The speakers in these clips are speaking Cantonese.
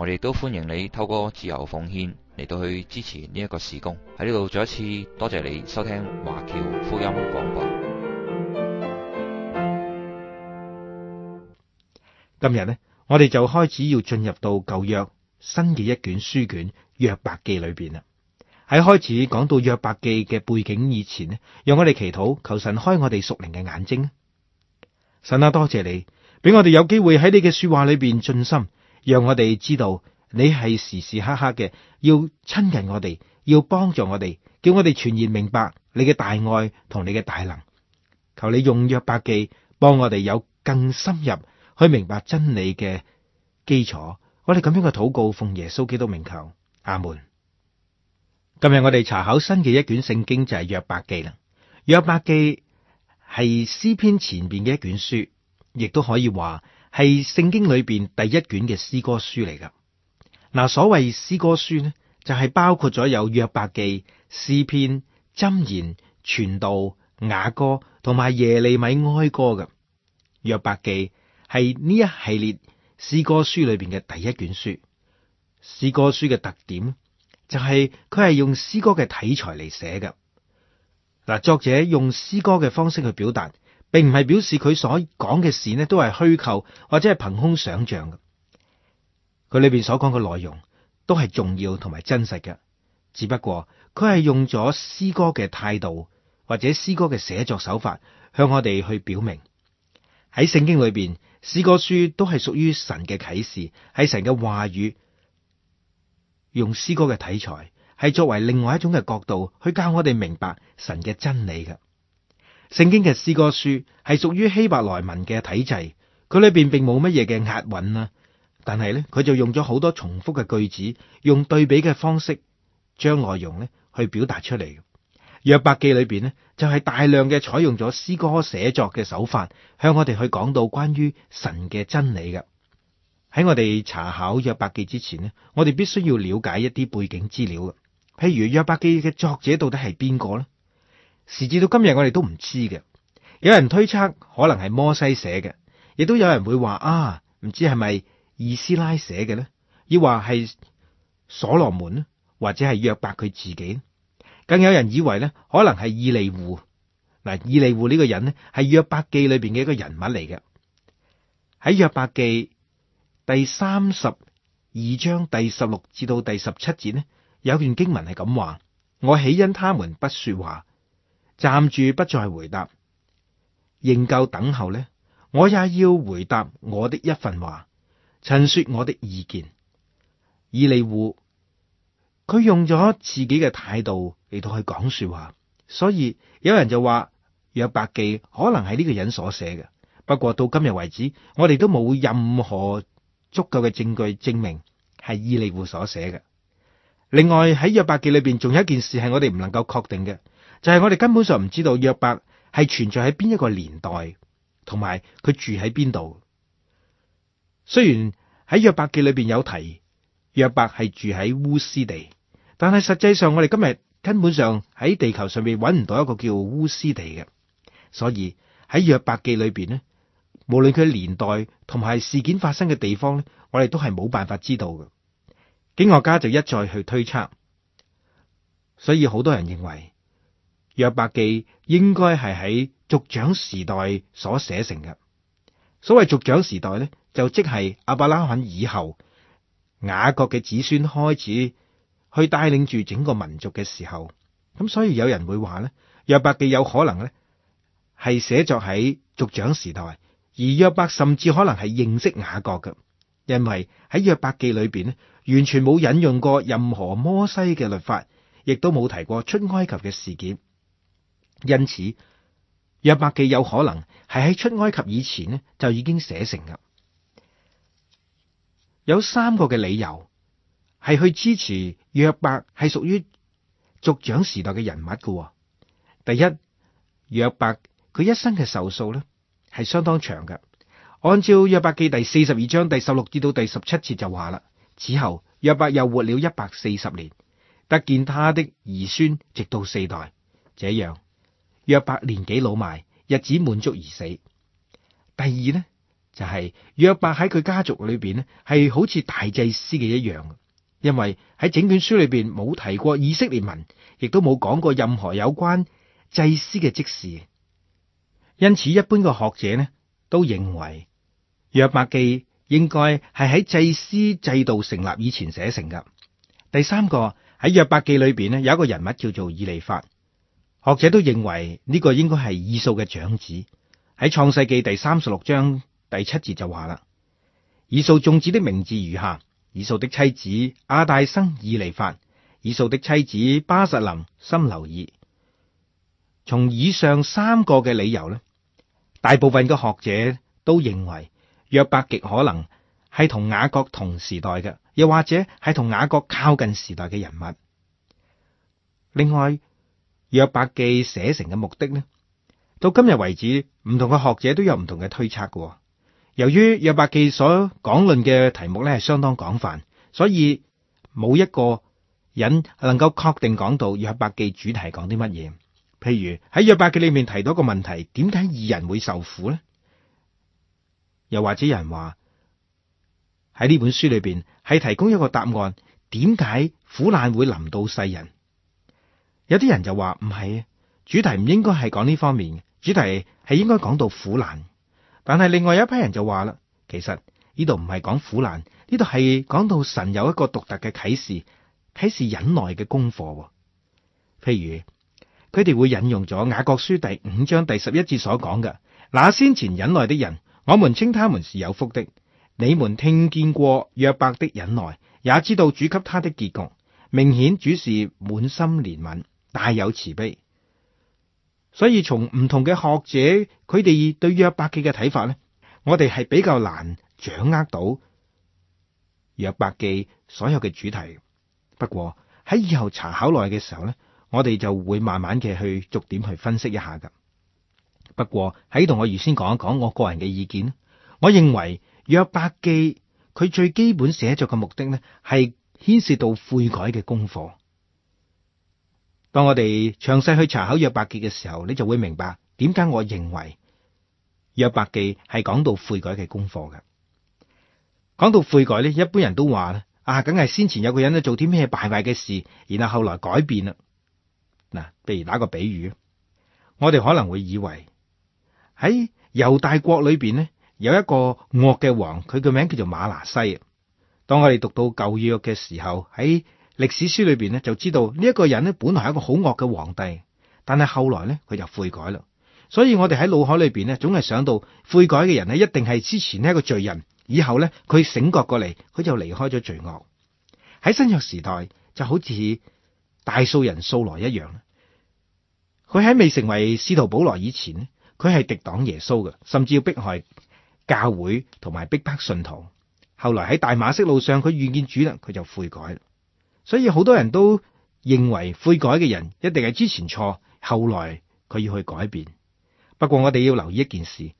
我哋都歡迎你透過自由奉獻嚟到去支持呢一個事工。喺呢度再一次多謝你收聽華僑福音廣播。今日呢，我哋就開始要進入到舊約新嘅一卷書卷約伯記裏邊啦。喺開始講到約伯記嘅背景以前呢，讓我哋祈禱，求神開我哋屬靈嘅眼睛。神啊，多謝你俾我哋有機會喺你嘅說話裏邊盡心。讓我哋知道你係時時刻刻嘅要親近我哋，要幫助我哋，叫我哋全然明白你嘅大愛同你嘅大能。求你用約伯記幫我哋有更深入去明白真理嘅基礎。我哋咁樣嘅禱告奉耶穌基督名求，阿門。今日我哋查考新嘅一卷聖經就係約伯記啦。約伯記係詩篇前邊嘅一卷書，亦都可以話。係聖經裏邊第一卷嘅詩歌書嚟噶。嗱，所謂詩歌書呢，就係包括咗有約伯記、詩篇、箴言、傳道、雅歌同埋耶利米哀歌嘅。約伯記係呢一系列詩歌書裏邊嘅第一卷書。詩歌書嘅特點就係佢係用詩歌嘅題材嚟寫嘅。嗱，作者用詩歌嘅方式去表達。並唔係表示佢所講嘅事呢都係虛構或者係憑空想象嘅。佢裏邊所講嘅內容都係重要同埋真實嘅，只不過佢係用咗詩歌嘅態度或者詩歌嘅寫作手法向我哋去表明，喺聖經裏邊詩歌書都係屬於神嘅啟示，喺神嘅話語，用詩歌嘅題材係作為另外一種嘅角度去教我哋明白神嘅真理嘅。聖經嘅詩歌書係屬於希伯來文嘅體制，佢裏邊並冇乜嘢嘅押韻啦，但係咧佢就用咗好多重複嘅句子，用對比嘅方式將內容咧去表達出嚟。約伯記裏邊咧就係、是、大量嘅採用咗詩歌寫作嘅手法，向我哋去講到關於神嘅真理嘅。喺我哋查考約伯記之前呢，我哋必須要了解一啲背景資料嘅，譬如約伯記嘅作者到底係邊個呢？時至到今日，我哋都唔知嘅。有人推測可能係摩西寫嘅，亦都有人會話啊，唔知係咪以斯拉寫嘅呢？亦話係所羅門，或者係約伯佢自己。更有人以為呢，可能係以利戶嗱。以利戶呢個人呢，係約伯記裏邊嘅一個人物嚟嘅。喺約伯記第三十二章第十六至到第十七節呢，有段經文係咁話：我豈因他們不說話。站住不再回答，仍舊等候呢，我也要回答我的一份話，陳說我的意見。以利戶，佢用咗自己嘅態度嚟到去講說話，所以有人就話約伯記可能係呢個人所寫嘅。不過到今日為止，我哋都冇任何足夠嘅證據證明係以利戶所寫嘅。另外喺約伯記裏邊，仲有一件事係我哋唔能夠確定嘅。就係我哋根本上唔知道約伯係存在喺邊一個年代，同埋佢住喺邊度。雖然喺約伯記裏邊有提約伯係住喺烏斯地，但係實際上我哋今日根本上喺地球上面揾唔到一個叫烏斯地嘅。所以喺約伯記裏邊咧，無論佢年代、同埋事件發生嘅地方咧，我哋都係冇辦法知道嘅。經學家就一再去推測，所以好多人認為。約伯記應該係喺族長時代所寫成嘅。所謂族長時代呢，就即係亞伯拉罕以後雅各嘅子孫開始去帶領住整個民族嘅時候。咁所以有人會話呢，約伯記有可能呢係寫作喺族長時代，而約伯甚至可能係認識雅各嘅，因為喺約伯記裏邊咧完全冇引用過任何摩西嘅律法，亦都冇提過出埃及嘅事件。因此，約伯記有可能係喺出埃及以前呢，就已經寫成噶。有三個嘅理由係去支持約伯係屬於族長時代嘅人物噶。第一，約伯佢一生嘅壽數呢係相當長嘅。按照約伯記第四十二章第十六至到第十七節就話啦，此後約伯又活了一百四十年，得見他的兒孫直到四代，這樣。約伯年紀老邁，日子滿足而死。第二呢，就係約伯喺佢家族裏邊咧，係好似大祭司嘅一樣。因為喺整卷書裏邊冇提過以色列民，亦都冇講過任何有關祭司嘅職事。因此，一般嘅學者呢，都認為約伯記應該係喺祭司制度成立以前寫成噶。第三個喺約伯記裏邊咧，有一個人物叫做以利法，學者都認為呢、這個應該係以掃嘅長子，喺創世紀第三十六章第七節就話啦：以掃眾子的名字如下，以掃的妻子亞大生以利法，以掃的妻子巴實林生流珥。從以上三個嘅理由咧，大部分嘅學者都認為約伯極可能係同雅各同時代嘅，又或者係同雅各靠近時代嘅人物。另外。約伯記寫成嘅目的呢，到今日為止，唔同嘅學者都有唔同嘅推測嘅。由於約伯記所講論嘅題目咧係相當廣泛，所以冇一個人能夠確定講到約伯記主題講啲乜嘢。譬如，喺約伯記裏面提到一個問題：「點解二人會受苦呢？」又或者有人話，喺呢本書裏邊係提供一個答案：「點解苦難會臨到世人？有啲人就話唔係，主題唔應該係講呢方面，主題係應該講到苦難。但係另外一批人就話啦，其實呢度唔係講苦難，呢度係講到神有一個獨特嘅啟示，啟示忍耐嘅功課。譬如佢哋會引用咗雅各書第五章第十一節所講嘅，那先前忍耐的人，我們稱他們是有福的。你們聽見過約伯的忍耐，也知道主給他的結局。明顯主是滿心憐憫。大有慈悲，所以從唔同嘅學者佢哋對約伯記嘅睇法咧，我哋係比較難掌握到約伯記所有嘅主題。不過喺以後查考內嘅時候咧，我哋就會慢慢嘅去逐點去分析一下噶。不過喺度我預先講一講我個人嘅意見，我認為約伯記佢最基本寫作嘅目的咧，係牽涉到悔改嘅功課。當我哋詳細去查考約伯記嘅時候，你就會明白點解我認為約伯記係講到悔改嘅功課嘅。講到悔改咧，一般人都話咧啊，梗係先前有個人咧做啲咩敗壞嘅事，然後後來改變啦。嗱，啊，譬如打個比喻，我哋可能會以為喺猶大國裏邊咧有一個惡嘅王，佢嘅名叫做馬拿西。當我哋讀到舊約嘅時候喺，歷史書裏邊咧，就知道呢、這個、一個人咧，本來係一個好惡嘅皇帝，但係後來咧，佢就悔改啦。所以我哋喺腦海裏邊咧，總係想到悔改嘅人咧，一定係之前呢一個罪人，以後咧佢醒覺過嚟，佢就離開咗罪惡。喺新約時代就好似大數人掃羅一樣，佢喺未成為使徒保羅以前，佢係敵擋耶穌嘅，甚至要迫害教會同埋逼迫信徒。後來喺大馬色路上佢遇見主啦，佢就悔改。所以好多人都認為悔改嘅人一定係之前錯，後來佢要去改變。不過我哋要留意一件事，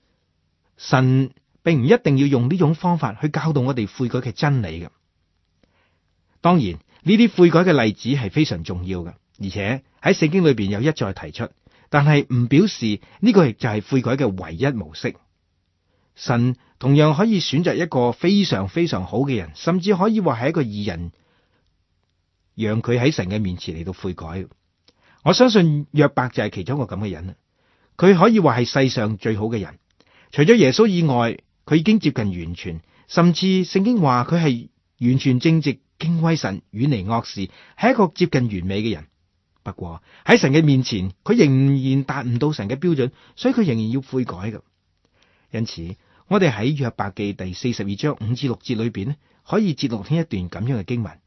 神並唔一定要用呢種方法去教導我哋悔改嘅真理嘅。當然呢啲悔改嘅例子係非常重要嘅，而且喺聖經裏邊有一再提出。但係唔表示呢個亦就係悔改嘅唯一模式。神同樣可以選擇一個非常非常好嘅人，甚至可以話係一個義人，讓佢喺神嘅面前嚟到悔改。我相信約伯就係其中一個咁嘅人。佢可以話係世上最好嘅人，除咗耶穌以外，佢已經接近完全，甚至聖經話佢係完全正直、敬畏神、遠離惡事，係一個接近完美嘅人。不過喺神嘅面前，佢仍然達唔到神嘅標準，所以佢仍然要悔改嘅。因此，我哋喺約伯記第四十二章五至六節裏邊咧，可以接錄添一段咁樣嘅經文。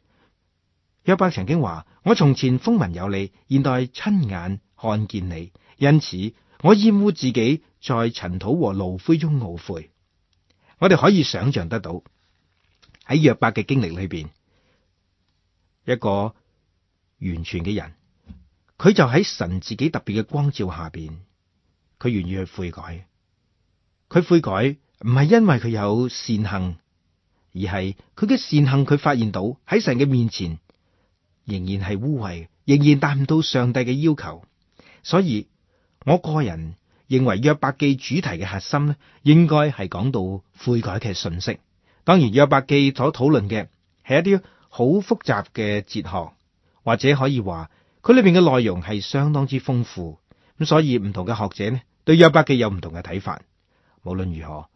約伯曾經話：我從前風聞有你，現在親眼看見你，因此我厭惡自己在塵土和爐灰中懊悔。我哋可以想象得到喺約伯嘅經歷裏邊，一個完全嘅人，佢就喺神自己特別嘅光照下邊，佢願意去悔改。佢悔改唔係因為佢有善行，而係佢嘅善行，佢發現到喺神嘅面前。仍然係污穢，仍然達唔到上帝嘅要求，所以我個人認為約伯記主題嘅核心呢，應該係講到悔改嘅訊息。當然，約伯記所討論嘅係一啲好複雜嘅哲學，或者可以話佢裏邊嘅內容係相當之豐富。咁所以唔同嘅學者呢，對約伯記有唔同嘅睇法。無論如何，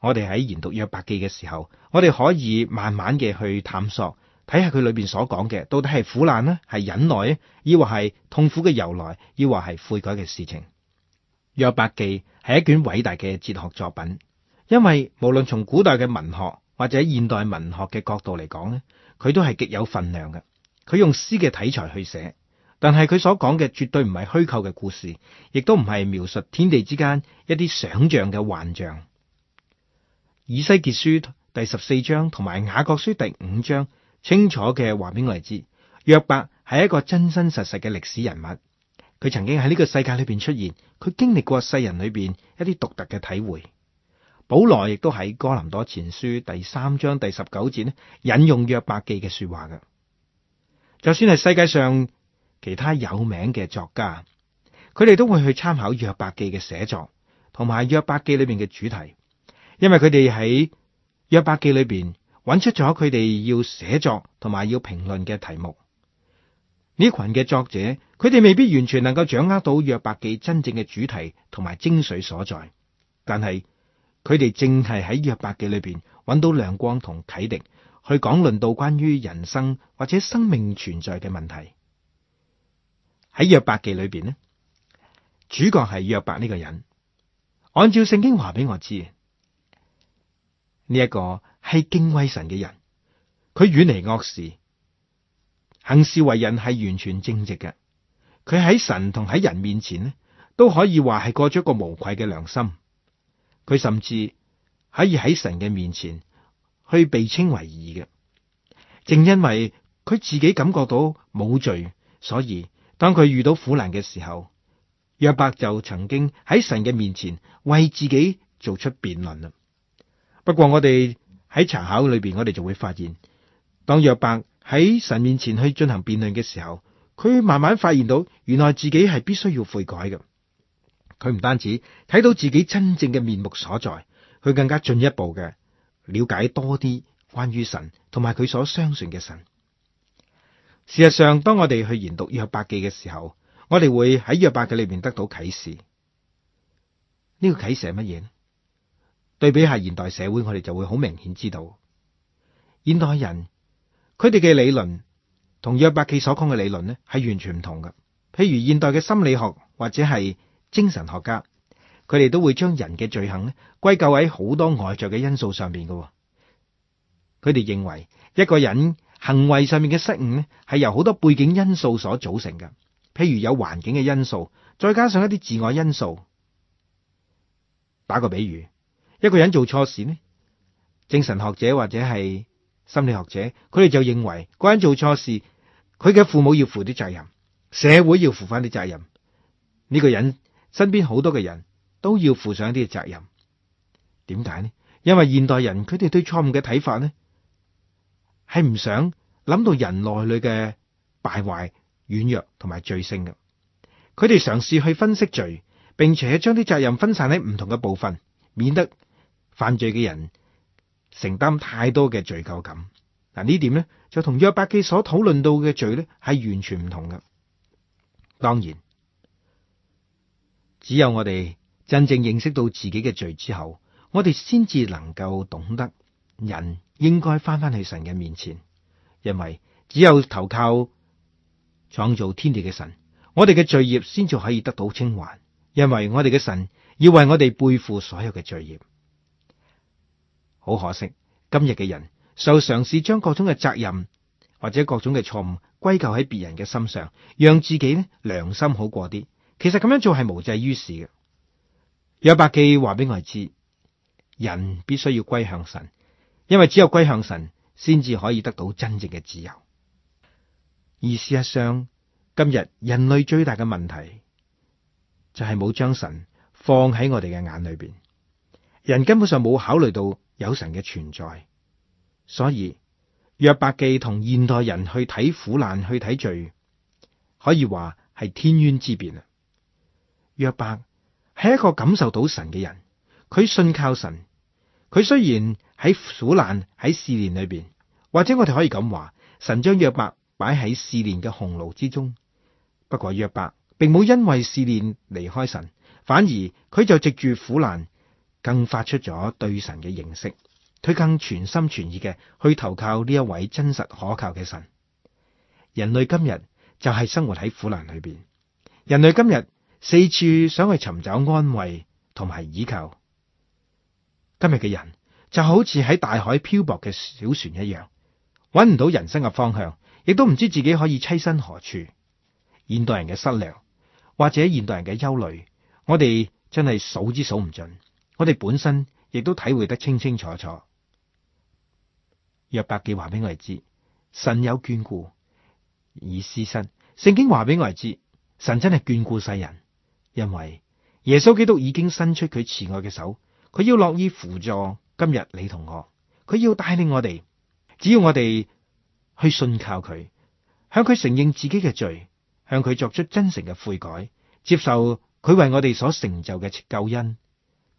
我哋喺研讀約伯記嘅時候，我哋可以慢慢嘅去探索。睇下佢裏邊所講嘅到底係苦難咧、啊，係忍耐、啊，抑或係痛苦嘅由來，抑或係悔改嘅事情。約伯記係一卷偉大嘅哲學作品，因為無論從古代嘅文學或者現代文學嘅角度嚟講咧，佢都係極有分量嘅。佢用詩嘅題材去寫，但係佢所講嘅絕對唔係虛構嘅故事，亦都唔係描述天地之間一啲想象嘅幻象。以西結書第十四章同埋雅各書第五章。清楚嘅話俾我哋知，約伯係一個真真實實嘅歷史人物，佢曾經喺呢個世界裏邊出現，佢經歷過世人裏邊一啲獨特嘅體會。保羅亦都喺《哥林多前書》第三章第十九節呢引用約伯記嘅說話嘅。就算係世界上其他有名嘅作家，佢哋都會去參考約伯記嘅寫作同埋約伯記裏邊嘅主題，因為佢哋喺約伯記裏邊。揾出咗佢哋要寫作同埋要評論嘅題目，呢群嘅作者，佢哋未必完全能夠掌握到約伯記真正嘅主題同埋精髓所在，但係佢哋淨係喺約伯記裏邊揾到亮光同啟迪，去講論到關於人生或者生命存在嘅問題。喺約伯記裏邊呢，主角係約伯呢個人，按照聖經話俾我知，呢、這、一個。係敬畏神嘅人，佢遠離惡事，行事為人係完全正直嘅。佢喺神同喺人面前呢，都可以話係過咗一個無愧嘅良心。佢甚至可以喺神嘅面前去被稱為義嘅，正因為佢自己感覺到冇罪，所以當佢遇到苦難嘅時候，約伯就曾經喺神嘅面前為自己做出辯論啦。不過我哋。喺查考裏邊，我哋就會發現，當約伯喺神面前去進行辯論嘅時候，佢慢慢發現到，原來自己係必須要悔改嘅。佢唔單止睇到自己真正嘅面目所在，佢更加進一步嘅了解多啲關於神同埋佢所相信嘅神。事實上，當我哋去研讀約伯記嘅時候，我哋會喺約伯嘅裏面得到啟示。呢個啟示係乜嘢？對比下現代社會，我哋就會好明顯知道，現代人佢哋嘅理論同約伯記所講嘅理論咧係完全唔同嘅。譬如現代嘅心理學或者係精神學家，佢哋都會將人嘅罪行咧歸咎喺好多外在嘅因素上面嘅。佢哋認為一個人行為上面嘅失誤咧係由好多背景因素所組成嘅，譬如有環境嘅因素，再加上一啲自我因素。打個比喻。一個人做錯事呢？精神學者或者係心理學者，佢哋就認為個人做錯事，佢嘅父母要負啲責任，社會要負翻啲責任，呢個人身邊好多嘅人都要負上一啲責任。點解呢？因為現代人佢哋對錯誤嘅睇法呢，係唔想諗到人內裏嘅敗壞、軟弱同埋罪性嘅。佢哋嘗試去分析罪，並且將啲責任分散喺唔同嘅部分，免得犯罪嘅人承擔太多嘅罪疚感嗱，呢點咧就同約伯記所討論到嘅罪咧係完全唔同嘅。當然，只有我哋真正認識到自己嘅罪之後，我哋先至能夠懂得人應該翻返去神嘅面前，因為只有投靠創造天地嘅神，我哋嘅罪孽先至可以得到清還。因為我哋嘅神要為我哋背負所有嘅罪孽。好可惜，今日嘅人受嘗試將各種嘅責任或者各種嘅錯誤歸咎喺別人嘅身上，讓自己咧良心好過啲。其實咁樣做係無濟於事嘅。約伯記話俾我知，人必須要歸向神，因為只有歸向神，先至可以得到真正嘅自由。而事實上，今日人類最大嘅問題就係冇將神放喺我哋嘅眼裏邊，人根本上冇考慮到，有神嘅存在，所以約伯記同現代人去睇苦難，去睇罪，可以話係天淵之別啊。約伯係一個感受到神嘅人，佢信靠神。佢雖然喺苦難喺試煉裏邊，或者我哋可以咁話，神將約伯擺喺試煉嘅洪爐之中。不過約伯並冇因為試煉離開神，反而佢就藉住苦難。更發出咗對神嘅認識，佢更全心全意嘅去投靠呢一位真實可靠嘅神。人類今日就係生活喺苦難裏邊，人類今日四處想去尋找安慰同埋依靠。今日嘅人就好似喺大海漂泊嘅小船一樣，揾唔到人生嘅方向，亦都唔知自己可以棲身何處。現代人嘅失良或者現代人嘅憂慮，我哋真係數之數唔盡。我哋本身亦都體會得清清楚楚。約伯記話俾我哋知，神有眷顧以施身；聖經話俾我哋知，神真係眷顧世人，因為耶穌基督已經伸出佢慈愛嘅手，佢要樂意輔助今日你同我，佢要帶領我哋，只要我哋去信靠佢，向佢承認自己嘅罪，向佢作出真誠嘅悔改，接受佢為我哋所成就嘅救恩。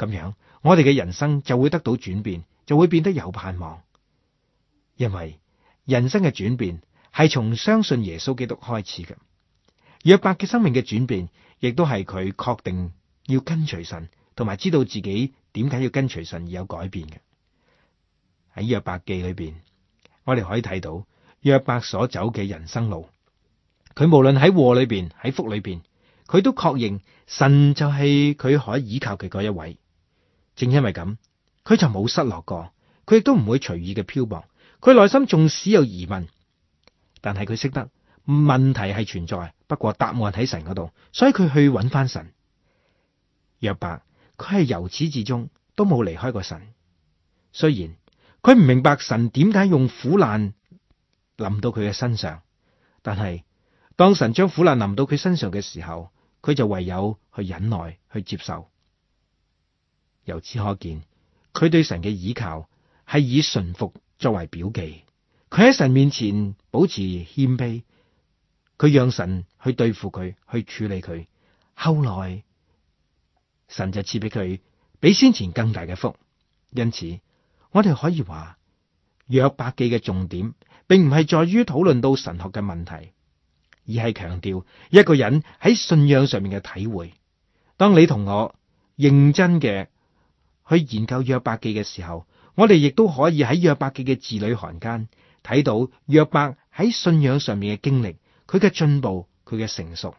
咁樣，我哋嘅人生就會得到轉變，就會變得有盼望。因為人生嘅轉變係從相信耶穌基督開始嘅。約伯嘅生命嘅轉變，亦都係佢確定要跟隨神，同埋知道自己點解要跟隨神而有改變嘅。喺約伯記裏邊，我哋可以睇到約伯所走嘅人生路，佢無論喺禍裏邊，喺福裏邊，佢都確認神就係佢可以依靠嘅嗰一位。正因為咁，佢就冇失落過，佢亦都唔會隨意嘅漂泊。佢內心縱使有疑問，但係佢識得問題係存在，不過答案喺神嗰度，所以佢去揾翻神約伯佢係由始至終都冇離開過神，雖然佢唔明白神點解用苦難臨到佢嘅身上，但係當神將苦難臨到佢身上嘅時候，佢就唯有去忍耐去接受。由此可見，佢對神嘅倚靠係以順服作為表記。佢喺神面前保持謙卑，佢讓神去對付佢，去處理佢。後來神就賜俾佢比先前更大嘅福。因此，我哋可以話約伯記嘅重點，並唔係在於討論到神學嘅問題，而係強調一個人喺信仰上面嘅體會。當你同我認真嘅。去研究約伯記嘅時候，我哋亦都可以喺約伯記嘅字裏行間睇到約伯喺信仰上面嘅經歷，佢嘅進步，佢嘅成熟。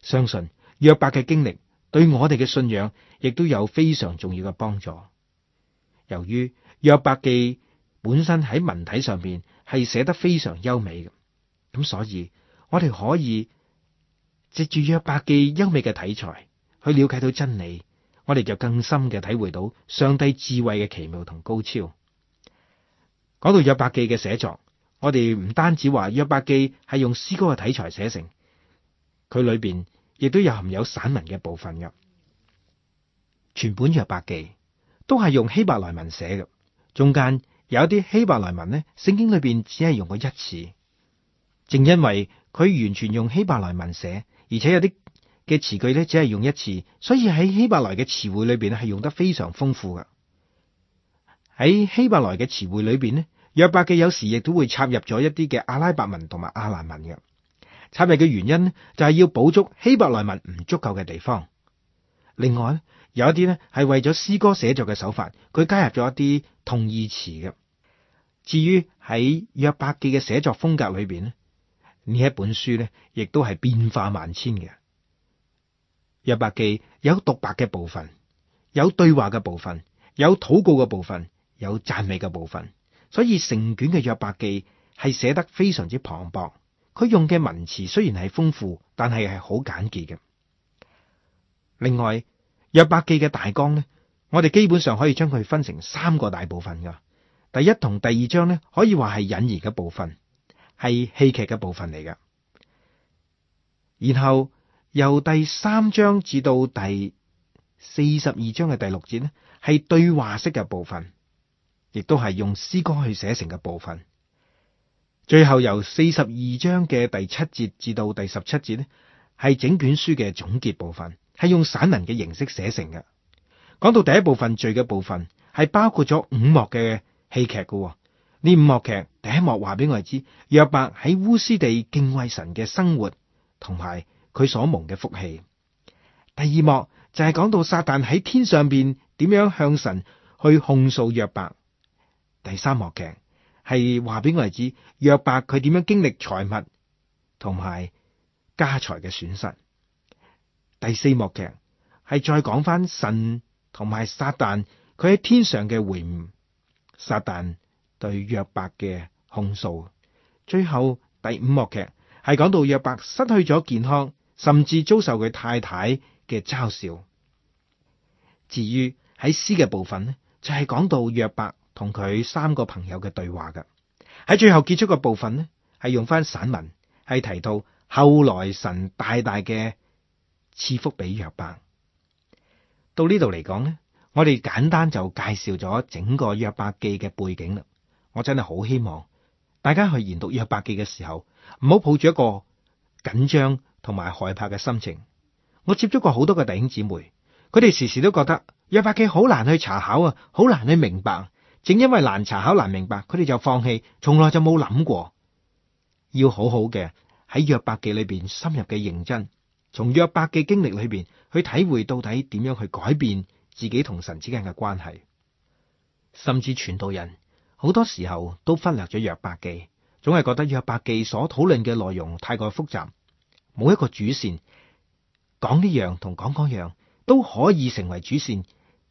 相信約伯嘅經歷對我哋嘅信仰亦都有非常重要嘅幫助。由於約伯記本身喺文體上面係寫得非常優美嘅，咁所以我哋可以藉住約伯記優美嘅體裁去了解到真理。我哋就更深嘅體會到上帝智慧嘅奇妙同高超。講到約伯記嘅寫作，我哋唔單止話約伯記係用詩歌嘅題材寫成，佢裏邊亦都有含有散文嘅部分嘅。全本約伯記都係用希伯來文寫嘅，中間有一啲希伯來文呢，聖經裏邊只係用過一次。正因為佢完全用希伯來文寫，而且有啲嘅詞句咧，只係用一次，所以喺希伯來嘅詞彙裏邊咧，係用得非常豐富㗎。喺希伯來嘅詞彙裏邊咧，約伯記有時亦都會插入咗一啲嘅阿拉伯文同埋阿蘭文嘅。插入嘅原因呢，就係要補足希伯來文唔足夠嘅地方。另外咧，有一啲呢係為咗詩歌寫作嘅手法，佢加入咗一啲同義詞嘅。至於喺約伯記嘅寫作風格裏邊咧，呢一本書呢亦都係變化萬千嘅。約伯記有獨白嘅部分，有對話嘅部分，有禱告嘅部分，有讚美嘅部分，所以成卷嘅約伯記係寫得非常之磅礴。佢用嘅文詞雖然係豐富，但係係好簡潔嘅。另外，約伯記嘅大綱呢，我哋基本上可以將佢分成三個大部分噶。第一同第二章呢，可以話係引言嘅部分，係戲劇嘅部分嚟噶。然後。由第三章至到第四十二章嘅第六節呢，係對話式嘅部分，亦都係用詩歌去寫成嘅部分。最後由四十二章嘅第七節至到第十七節呢，係整卷書嘅總結部分，係用散文嘅形式寫成嘅。講到第一部分序嘅部分，係包括咗五幕嘅戲劇嘅。呢五幕劇第一幕話俾我哋知，約伯喺烏斯地敬畏神嘅生活，同埋。佢所蒙嘅福氣，第二幕就係、是、講到撒旦喺天上邊點樣向神去控訴約伯。第三幕劇係話俾我哋知約伯佢點樣經歷財物同埋家財嘅損失。第四幕劇係再講翻神同埋撒旦佢喺天上嘅會晤，撒旦對約伯嘅控訴。最後第五幕劇係講到約伯失去咗健康。甚至遭受佢太太嘅嘲笑。至於喺詩嘅部分咧，就係、是、講到約伯同佢三個朋友嘅對話噶。喺最後結束嘅部分咧，係用返散文係提到後來神大大嘅賜福俾約伯。到呢度嚟講咧，我哋簡單就介紹咗整個約伯記嘅背景啦。我真係好希望大家去研讀約伯記嘅時候，唔好抱住一個緊張。同埋害怕嘅心情，我接觸過好多個弟兄姊妹，佢哋時時都覺得約伯記好難去查考啊，好難去明白。正因為難查考，難明白，佢哋就放棄，從來就冇諗過要好好嘅喺約伯記裏邊深入嘅認真，從約伯記經歷裏邊去體會到底點樣去改變自己同神之間嘅關係。甚至傳道人好多時候都忽略咗約伯記，總係覺得約伯記所討論嘅內容太過複雜。冇一個主線，講呢樣同講嗰樣都可以成為主線，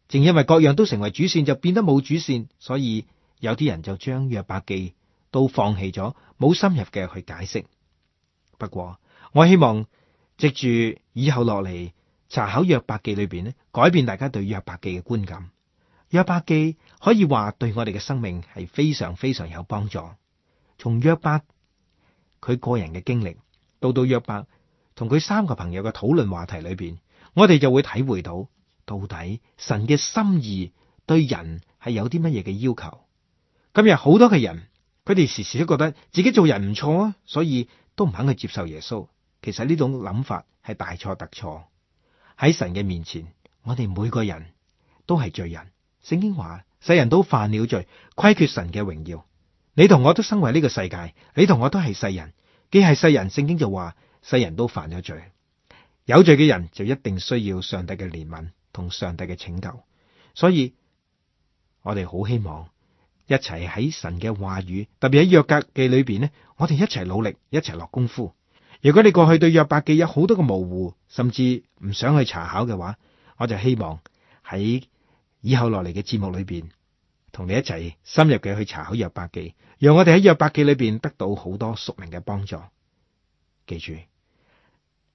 正因為各樣都成為主線，就變得冇主線，所以有啲人就將約伯記都放棄咗，冇深入嘅去解釋。不過我希望，藉住以後落嚟查考約伯記裏邊咧，改變大家對約伯記嘅觀感。約伯記可以話對我哋嘅生命係非常非常有幫助，從約伯佢個人嘅經歷。到到約伯同佢三個朋友嘅討論話題裏邊，我哋就會體會到到底神嘅心意對人係有啲乜嘢嘅要求。今日好多嘅人，佢哋時時都覺得自己做人唔錯啊，所以都唔肯去接受耶穌。其實呢種諗法係大錯特錯。喺神嘅面前，我哋每個人都係罪人。聖經話：世人都犯了罪，虧缺神嘅榮耀。你同我都生為呢個世界，你同我都係世人。既係世人，聖經就話世人都犯咗罪，有罪嘅人就一定需要上帝嘅憐憫同上帝嘅拯救。所以，我哋好希望一齊喺神嘅話語，特別喺約伯記裏邊咧，我哋一齊努力，一齊落功夫。如果你過去對約伯記有好多嘅模糊，甚至唔想去查考嘅話，我就希望喺以後落嚟嘅節目裏邊。同你一齊深入嘅去查考約伯記，讓我哋喺約伯記裏邊得到好多屬靈嘅幫助。記住，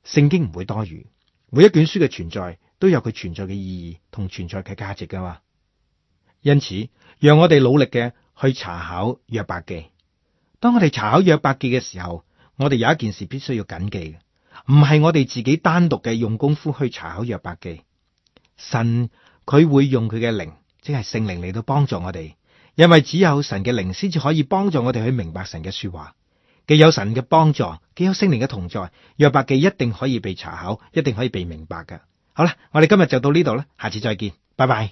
聖經唔會多餘，每一卷書嘅存在都有佢存在嘅意義同存在嘅價值噶嘛。因此，讓我哋努力嘅去查考約伯記。當我哋查考約伯記嘅時候，我哋有一件事必須要謹記，唔係我哋自己單獨嘅用功夫去查考約伯記，神佢會用佢嘅靈。即係聖靈嚟到幫助我哋，因為只有神嘅靈先至可以幫助我哋去明白神嘅說話。既有神嘅幫助，既有聖靈嘅同在，約伯記一定可以被查考，一定可以被明白嘅。好啦，我哋今日就到呢度啦，下次再見，拜拜。